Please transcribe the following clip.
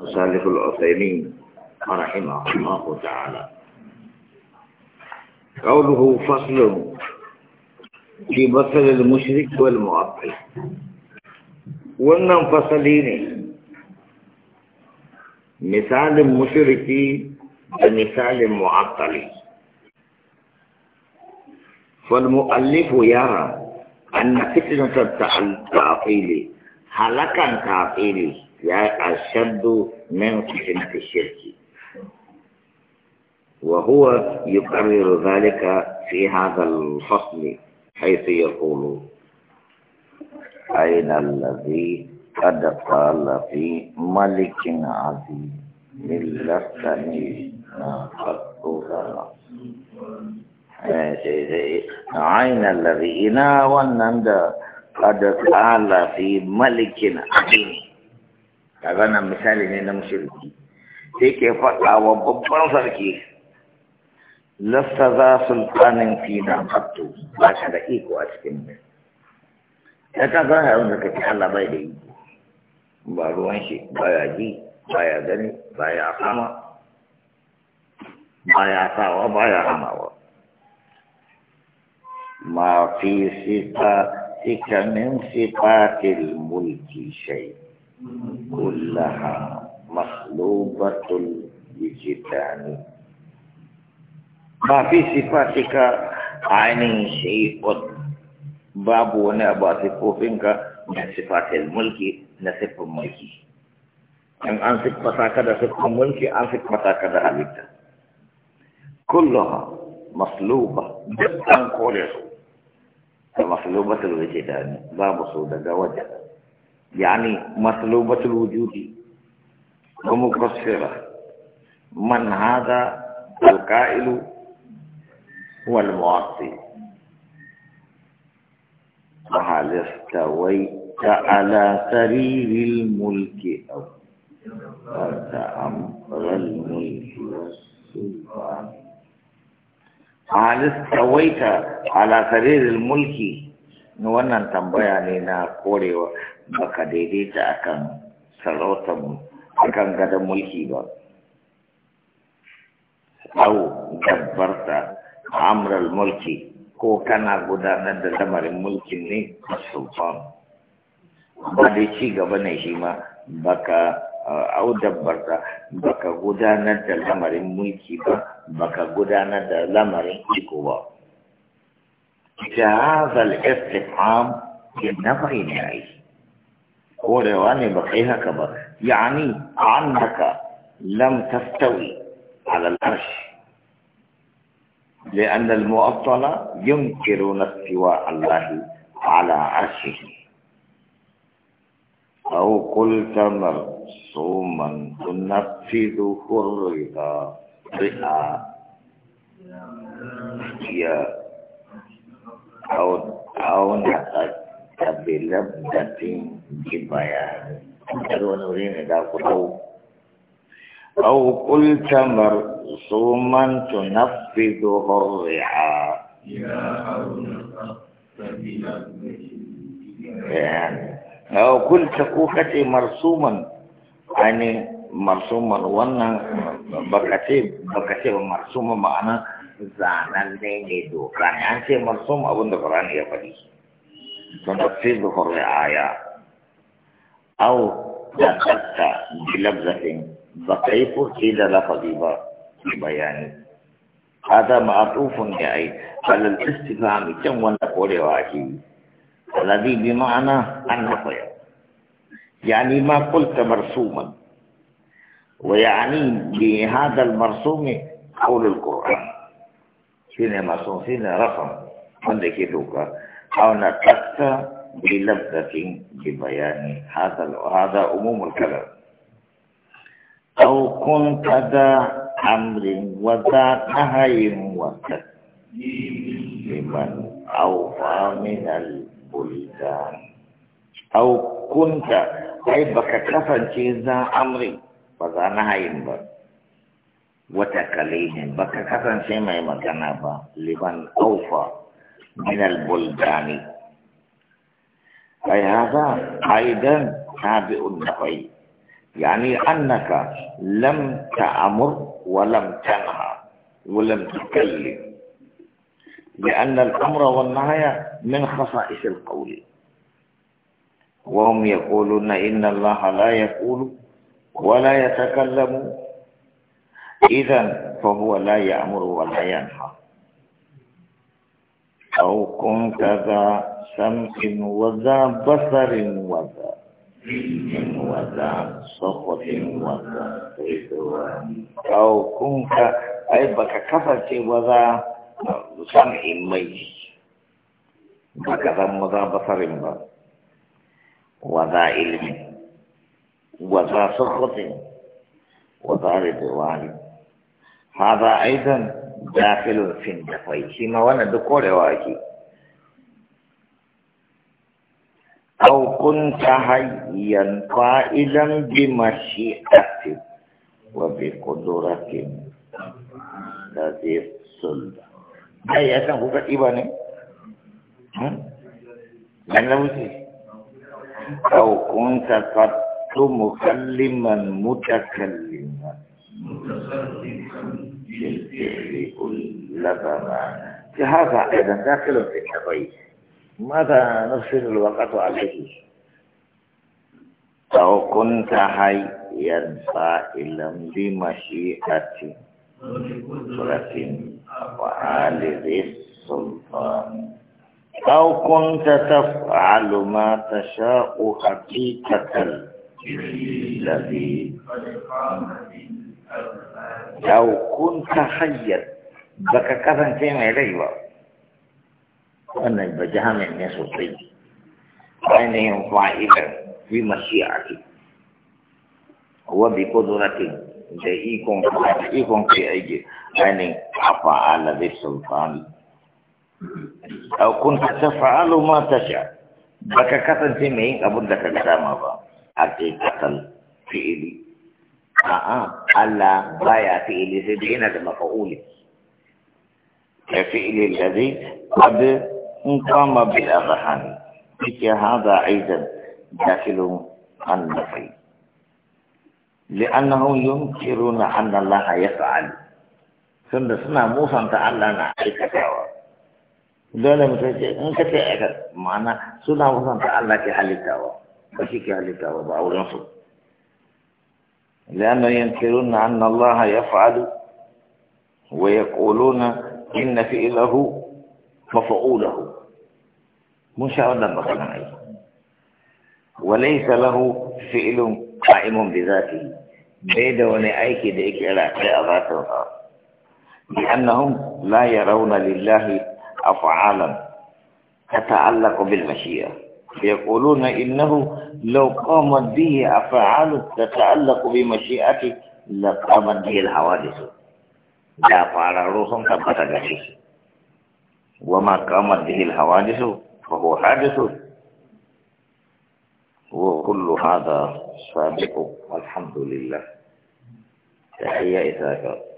وسالف الأثيمين رحمه الله تعالى قوله فصل في مثل المشرك والمعطل وانهم فصلين مثال المشرك ومثال المعطل فالمؤلف يرى أن فتنة التعطيل هلكا تعطيل يا أشد من فتنة الشرك وهو يقرر ذلك في هذا الفصل حيث يقول أين الذي قد قال في ملك عظيم عزيز ما قد أين الذي إنا ونند قد قال في ملك عظيم kaga nan misali ne na mushriki sai ke faɗa wa babban sarki lasta za sultanin fi na fattu ba ka da iko a cikin mu ya ka ga harin da kake Allah bai da iko ba ruwan shi ba ya ji ba ya gani ba baya kama ya sawa ba baya hamawa ma fi sifa sika min sifatil mulki shay'a كلها مخلوبة بجدان ما في صفاتك عين شيء باب ونعبا صفوفك من صفات الملك نصف الملك أن أنصف بطاقة نصف الملك أنصف بطاقة نهلك كلها مصلوبة جدا قولها كمصلوبة الوجدان باب صودة وجدان يعني مطلوبة الوجود ومقصرة من هذا القائل هو المعطي فهل استويت على سرير الملك أو فرت أمر الملك والسلطان هل استويت على سرير الملك wannan tambaya ne na korewa baka daidaita akan sarautar akan gadon mulki ba au gabbarta amral mulki ko kana gudanar da lamarin mulkin ne a sulfan ba dai ci gaba ne shi ma baka uh, au dabbarta baka gudanar da lamarin mulki ba baka gudanar da lamarin iko ba جاز الاستفهام بالنفع النهائي هو رواني بقيها كبر يعني عنك لم تستوي على العرش لأن المؤصلة ينكرون استواء الله على عرشه أو قلت مرسوما تنفذه الرضا رئا يا tahun-tahun tak bilam jadi dibayar. Kalau orang ini tak tahu. Aku kulca mersuman tunafidu horriha. Ya, aku kulca kuhati mersuman. Ini mersuman wana. Bakati, bakati mersuman maknanya. zananne ne doka ne an ce marsum abin da Qur'ani ya faɗi don da fi zuhur aya au da tsakka bilabzatin ba ka yi furci da lafazi ba bayani hada ma'atufun ya ai alal istifhami can wanda korewa ake yi alladhi bi ma'ana an nafaya yani ma qulta marsuman ويعني بهذا المرسوم قول القرآن شين معصوم شين رقم عندك دوكا أو نتكت بلبدة ببيان هذا هذا عموم الكلام أو كنت ذا أمر وذا نهي لمن أوفى من البلدان أو كنت أي طيب، بك كفن ذا أمر وذا نهي وكت wata kalihin baka kasance mai magana ba liman aufa min al-buldani ai hada aidan tabi'un nafai yani annaka lam ta'mur wa lam tanha wa lam tukallim لأن الأمر والنهي من خصائص القول وهم يقولون إن الله لا يقول ولا يتكلم إذا فهو لا يأمر ولا ينهى أو كنت ذا سمع وذا بصر وذا وذا سخط وذا رضوان أو كنت أي بك كفرت وذا سمع مي بكذا وذا بصر وذا علم وذا سخط وذا رضوان هذا أيضا داخل في النفي فيما وانا دكوري واجي أو كنت حيا قائلا بمشيئة وبقدرة الذي السلطة أي أسان فقط إباني أنا وزي أو كنت قد مكلما متكلما متصرفا يستطيع كل ضمان هذا ايضا داخل في التبعيد ماذا نفسر الوقت عليه أو كنت حي يدفع إلى بمشيئة سورة وآل ذي السلطان أو كنت تفعل ما تشاء حقيقة الذي قد قام به yawo kun ta hanyar baka kasance mai rai ba wannan ba jihamin ne sosai ainihin fa'idar fi mashi'ati wa bi kudratin da ikon da ikon kai aiki ainihin afa'ala bi sultani aw ta taf'alu ma tasha ka kasance mai yin abin da ka ga dama ba a kai katal fi'ili a'a على ضايا فئل زد هنا ده مفعولي فئل الذي قد قام بالأغحان فكي هذا أيضا داخل النفي لأنه ينكرون أن الله يفعل سندسنا موسى أنت علانا عليك تعوى دولة مساجة أنك تعيك معنا سنة موسى أنت علانا كي حالي تعوى بشي كي حالي تعوى بأول نصر لأنه ينكرون أن الله يفعل ويقولون إن فعله مفعوله مشاهدا بقنا وليس له فعل قائم بذاته بيد ونعيك ديك على ذاته لأنهم لا يرون لله أفعالا تتعلق بالمشيئة يقولون إنه لو قامت به أفعال تتعلق بمشيئته لقامت به الحوادث لا فعرروهم ثبت جسيس وما قامت به الحوادث فهو حادث وكل هذا صادق والحمد لله تحية كنت